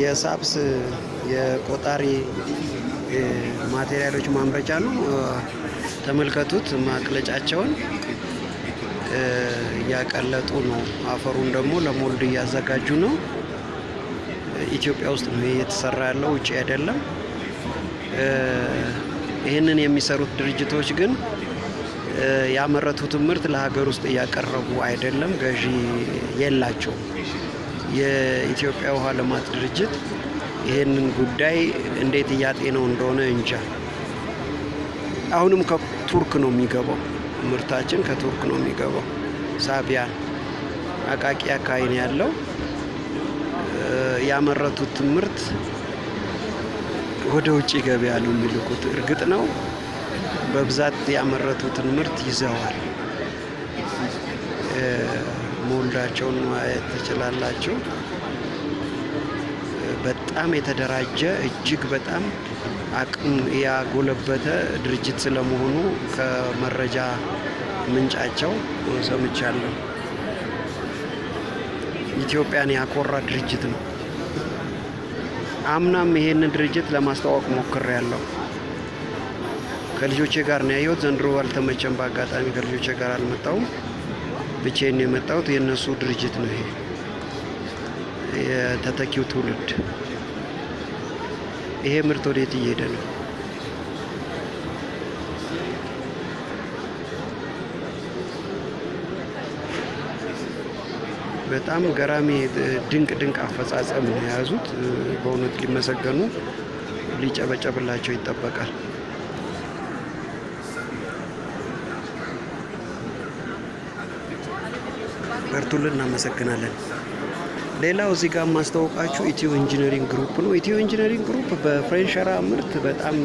የሳፕስ የቆጣሪ ማቴሪያሎች ማምረቻ ነው። ተመልከቱት፣ ማቅለጫቸውን እያቀለጡ ነው። አፈሩን ደግሞ ለሞልድ እያዘጋጁ ነው። ኢትዮጵያ ውስጥ ነው እየተሰራ ያለው ውጭ አይደለም። ይህንን የሚሰሩት ድርጅቶች ግን ያመረቱትን ምርት ለሀገር ውስጥ እያቀረቡ አይደለም፣ ገዢ የላቸውም። የኢትዮጵያ ውሃ ልማት ድርጅት ይህንን ጉዳይ እንዴት እያጤነው እንደሆነ እንጃ። አሁንም ከቱርክ ነው የሚገባው፣ ምርታችን ከቱርክ ነው የሚገባው። ሳቢያ አቃቂ አካባቢ ነው ያለው። ያመረቱት ምርት ወደ ውጭ ገበያ ነው የሚልኩት። እርግጥ ነው በብዛት ያመረቱትን ምርት ይዘዋል። ሞልዳቸውን ማየት ትችላላችሁ። በጣም የተደራጀ እጅግ በጣም አቅም ያጎለበተ ድርጅት ስለመሆኑ ከመረጃ ምንጫቸው ሰምቻለሁ። ኢትዮጵያን ያኮራ ድርጅት ነው። አምናም ይሄንን ድርጅት ለማስተዋወቅ ሞክሬያለሁ። ከልጆቼ ጋር ነው ያየሁት። ዘንድሮ አልተመቸም። በአጋጣሚ ከልጆቼ ጋር አልመጣውም። ብቻዬን የመጣሁት የእነሱ ድርጅት ነው ይሄ የተተኪው ትውልድ ይሄ ምርት ወዴት እየሄደ ነው? በጣም ገራሚ ድንቅ ድንቅ አፈጻጸም የያዙት በእውነት ሊመሰገኑ ሊጨበጨብላቸው ይጠበቃል። በርቱልን፣ እናመሰግናለን። ሌላው እዚህ ጋር የማስተዋወቃችሁ ኢትዮ ኢንጂነሪንግ ግሩፕ ነው። ኢትዮ ኢንጂነሪንግ ግሩፕ በፍሬንሸራ ምርት በጣም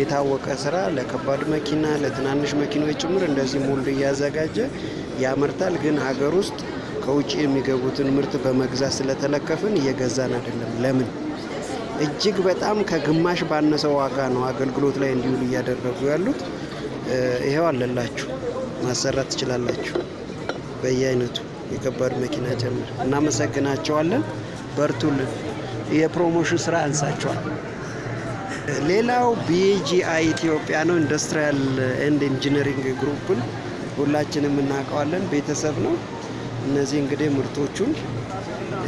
የታወቀ ስራ፣ ለከባድ መኪና፣ ለትናንሽ መኪናዎች ጭምር እንደዚህ ሞልድ እያዘጋጀ ያመርታል። ግን ሀገር ውስጥ ከውጭ የሚገቡትን ምርት በመግዛት ስለተለከፍን እየገዛን አይደለም። ለምን? እጅግ በጣም ከግማሽ ባነሰ ዋጋ ነው አገልግሎት ላይ እንዲውል እያደረጉ ያሉት። ይሄው አለላችሁ፣ ማሰራት ትችላላችሁ በየአይነቱ የከባድ መኪና ጭምር እናመሰግናቸዋለን። በርቱልን። የፕሮሞሽን ስራ አንሳቸዋል። ሌላው ቢጂአይ ኢትዮጵያ ነው። ኢንዱስትሪያል ኤንድ ኢንጂነሪንግ ግሩፕን ሁላችንም እናውቀዋለን፣ ቤተሰብ ነው። እነዚህ እንግዲህ ምርቶቹን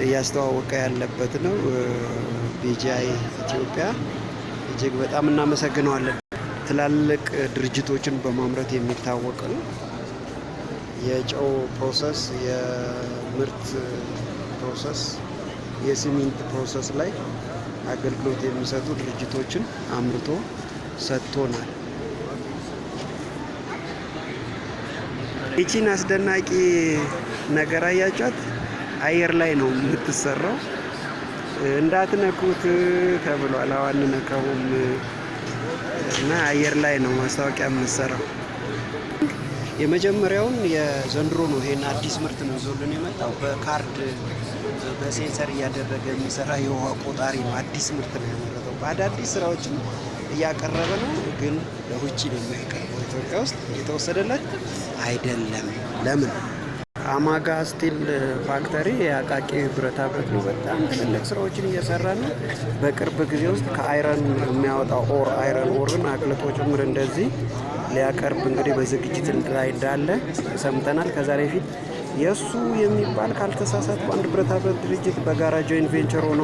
እያስተዋወቀ ያለበት ነው። ቢጂአይ ኢትዮጵያ እጅግ በጣም እናመሰግነዋለን። ትላልቅ ድርጅቶችን በማምረት የሚታወቅ ነው። የጨው ፕሮሰስ፣ የምርት ፕሮሰስ፣ የሲሚንት ፕሮሰስ ላይ አገልግሎት የሚሰጡ ድርጅቶችን አምርቶ ሰጥቶናል። ይቺን አስደናቂ ነገር አያጫት አየር ላይ ነው የምትሰራው። እንዳትነኩት ተብሏል። አዋን ነካውም እና አየር ላይ ነው ማስታወቂያ የምትሰራው። የመጀመሪያውን የዘንድሮ ነው። ይሄን አዲስ ምርት ነው ይዞልን የመጣው በካርድ በሴንሰር እያደረገ የሚሰራ የውሃ ቆጣሪ ነው። አዲስ ምርት ነው ያመረተው። በአዳዲስ ስራዎችን እያቀረበ ነው፣ ግን ለውጭ ነው የማይቀርበው። ኢትዮጵያ ውስጥ የተወሰደለት አይደለም። ለምን? አማጋ ስቲል ፋክተሪ የአቃቂ ብረታብረት ነው። በጣም ትልቅ ስራዎችን እየሰራ ነው። በቅርብ ጊዜ ውስጥ ከአይረን የሚያወጣው ኦር አይረን ኦርን አቅልጦ ጭምር እንደዚህ ሊያቀርብ እንግዲህ በዝግጅት ላይ እንዳለ ሰምተናል። ከዛ ፊት የእሱ የሚባል ካልተሳሳት አንድ ብረታብረት ድርጅት በጋራ ጆይንት ቬንቸር ሆኖ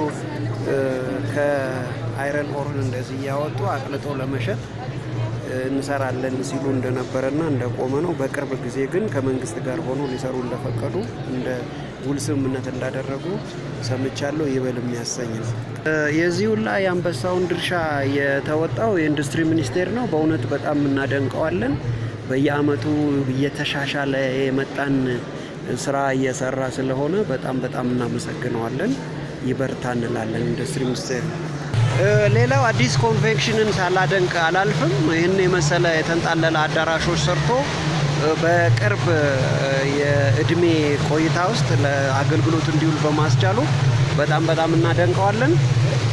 ከአይረን ኦርን እንደዚህ እያወጡ አቅልጦ ለመሸጥ እንሰራለን ሲሉ እንደነበረና እንደቆመ ነው። በቅርብ ጊዜ ግን ከመንግስት ጋር ሆኖ ሊሰሩ እንደፈቀዱ እንደ ውል ስምምነት እንዳደረጉ ሰምቻለሁ። ይበል የሚያሰኝ ነው። የዚህ ሁላ የአንበሳውን ድርሻ የተወጣው የኢንዱስትሪ ሚኒስቴር ነው። በእውነት በጣም እናደንቀዋለን። በየአመቱ እየተሻሻለ የመጣን ስራ እየሰራ ስለሆነ በጣም በጣም እናመሰግነዋለን። ይበርታ እንላለን ኢንዱስትሪ ሚኒስቴር ሌላው አዲስ ኮንቬንሽንን ሳላደንቅ አላልፍም። ይህን የመሰለ የተንጣለለ አዳራሾች ሰርቶ በቅርብ የእድሜ ቆይታ ውስጥ ለአገልግሎት እንዲውል በማስቻሉ በጣም በጣም እናደንቀዋለን፣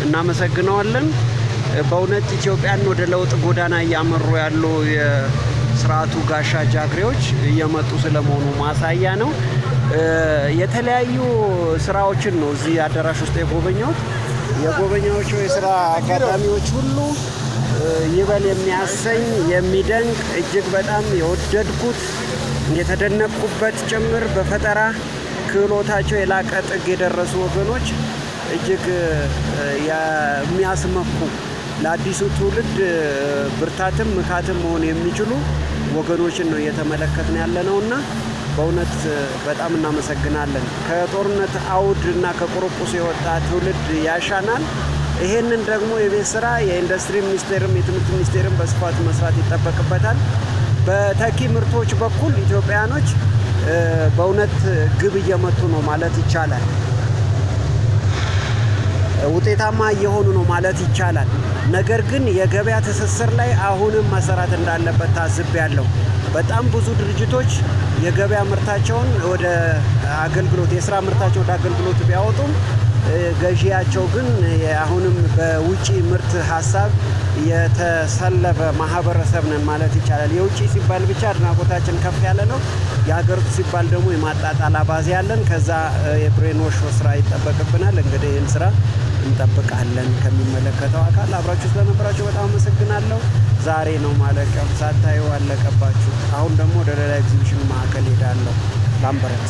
እናመሰግነዋለን። በእውነት ኢትዮጵያን ወደ ለውጥ ጎዳና እያመሩ ያሉ የስርዓቱ ጋሻ ጃግሬዎች እየመጡ ስለመሆኑ ማሳያ ነው። የተለያዩ ስራዎችን ነው እዚህ አዳራሽ ውስጥ የጎበኘሁት። የጎበኛዎቹ የስራ አጋጣሚዎች ሁሉ ይበል የሚያሰኝ የሚደንቅ እጅግ በጣም የወደድኩት የተደነቅኩበት ጭምር በፈጠራ ክህሎታቸው የላቀ ጥግ የደረሱ ወገኖች እጅግ የሚያስመኩ ለአዲሱ ትውልድ ብርታትም ምካትም መሆን የሚችሉ ወገኖችን ነው እየተመለከትን ያለ ነው እና በእውነት በጣም እናመሰግናለን። ከጦርነት አውድ እና ከቁርቁስ የወጣ ትውልድ ያሻናል። ይሄንን ደግሞ የቤት ስራ የኢንዱስትሪ ሚኒስቴርም የትምህርት ሚኒስቴርም በስፋት መስራት ይጠበቅበታል። በተኪ ምርቶች በኩል ኢትዮጵያኖች በእውነት ግብ እየመቱ ነው ማለት ይቻላል። ውጤታማ እየሆኑ ነው ማለት ይቻላል። ነገር ግን የገበያ ትስስር ላይ አሁንም መሰራት እንዳለበት ታዝብ ያለው በጣም ብዙ ድርጅቶች የገበያ ምርታቸውን ወደ አገልግሎት የስራ ምርታቸው ወደ አገልግሎት ቢያወጡም ገዢያቸው ግን አሁንም በውጪ ምርት ሀሳብ የተሰለበ ማህበረሰብ ነን ማለት ይቻላል። የውጭ ሲባል ብቻ አድናቆታችን ከፍ ያለ ነው። የሀገር ውስጥ ሲባል ደግሞ የማጣጣል አባዜ ያለን። ከዛ የብሬንዎሽ ስራ ይጠበቅብናል። እንግዲህ ይህን ስራ እንጠብቃለን። ከሚመለከተው አካል አብራችሁ ስለነበራችሁ በጣም አመሰግናለሁ። ዛሬ ነው ማለቂያ፣ ሳታየው አለቀባችሁ። አሁን ደግሞ ወደ ሌላ ኤግዚቢሽን ማዕከል ሄዳለሁ ላምበረት